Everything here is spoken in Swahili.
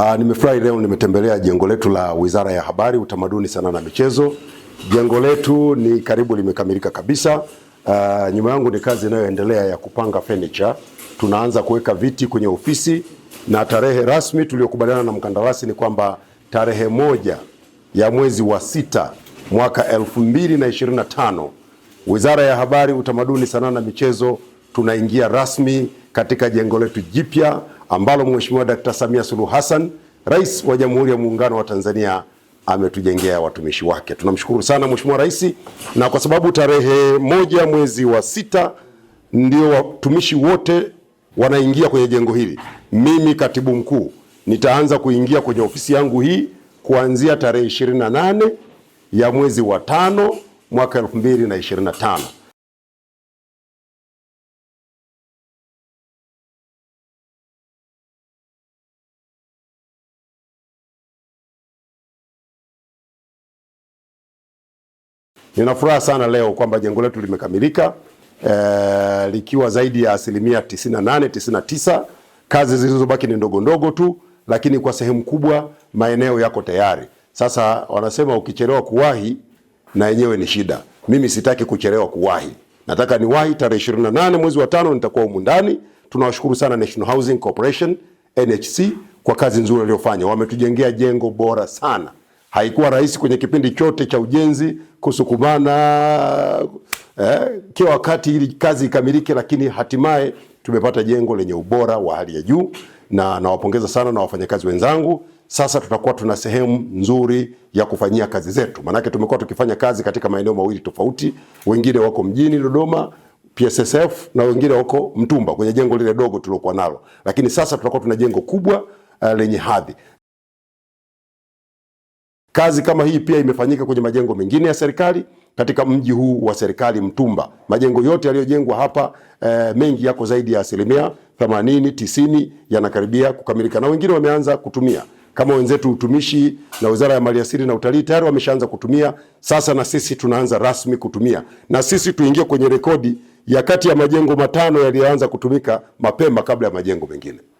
Ah, nimefurahi leo nimetembelea jengo letu la Wizara ya Habari, Utamaduni, Sanaa na Michezo. Jengo letu ni karibu limekamilika kabisa. Uh, nyuma yangu ni kazi inayoendelea ya kupanga furniture. Tunaanza kuweka viti kwenye ofisi na tarehe rasmi tuliyokubaliana na mkandarasi ni kwamba tarehe moja ya mwezi wa sita mwaka 2025 Wizara ya Habari, Utamaduni, Sanaa na Michezo tunaingia rasmi katika jengo letu jipya ambalo Mheshimiwa Dkt. Samia Suluhu Hassan, Rais wa Jamhuri ya Muungano wa Tanzania ametujengea watumishi wake. Tunamshukuru sana Mheshimiwa Rais, na kwa sababu tarehe moja mwezi wa sita ndio watumishi wote wanaingia kwenye jengo hili, mimi katibu mkuu nitaanza kuingia kwenye ofisi yangu hii kuanzia tarehe 28 ya mwezi wa tano mwaka 2025. Nina furaha sana leo kwamba jengo letu limekamilika e, likiwa zaidi ya asilimia 98 99. Kazi zilizobaki ni ndogo ndogo tu, lakini kwa sehemu kubwa maeneo yako tayari. Sasa wanasema ukichelewa kuwahi na yenyewe ni shida. Mimi sitaki kuchelewa kuwahi, nataka niwahi. Tarehe 28 mwezi wa tano nitakuwa humu ndani. Tunawashukuru sana National Housing Corporation NHC kwa kazi nzuri waliofanya, wametujengea jengo bora sana haikuwa rahisi kwenye kipindi chote cha ujenzi kusukumana, eh, kila wakati ili kazi ikamilike, lakini hatimaye tumepata jengo lenye ubora wa hali ya juu, na nawapongeza sana na wafanyakazi wenzangu. Sasa tutakuwa tuna sehemu nzuri ya kufanyia kazi zetu, maanake tumekuwa tukifanya kazi katika maeneo mawili tofauti, wengine wako mjini Dodoma PSSF na wengine wako Mtumba kwenye jengo lile dogo tulokuwa nalo, lakini sasa tutakuwa tuna jengo kubwa uh, lenye hadhi. Kazi kama hii pia imefanyika kwenye majengo mengine ya serikali katika mji huu wa serikali Mtumba. Majengo yote yaliyojengwa hapa e, mengi yako zaidi ya asilimia 80 90 yanakaribia kukamilika, na wengine wameanza kutumia kama wenzetu utumishi na Wizara ya Maliasili na Utalii tayari wameshaanza kutumia. Sasa na sisi tunaanza rasmi kutumia, na sisi tuingie kwenye rekodi ya kati ya majengo matano yaliyoanza kutumika mapema kabla ya majengo mengine.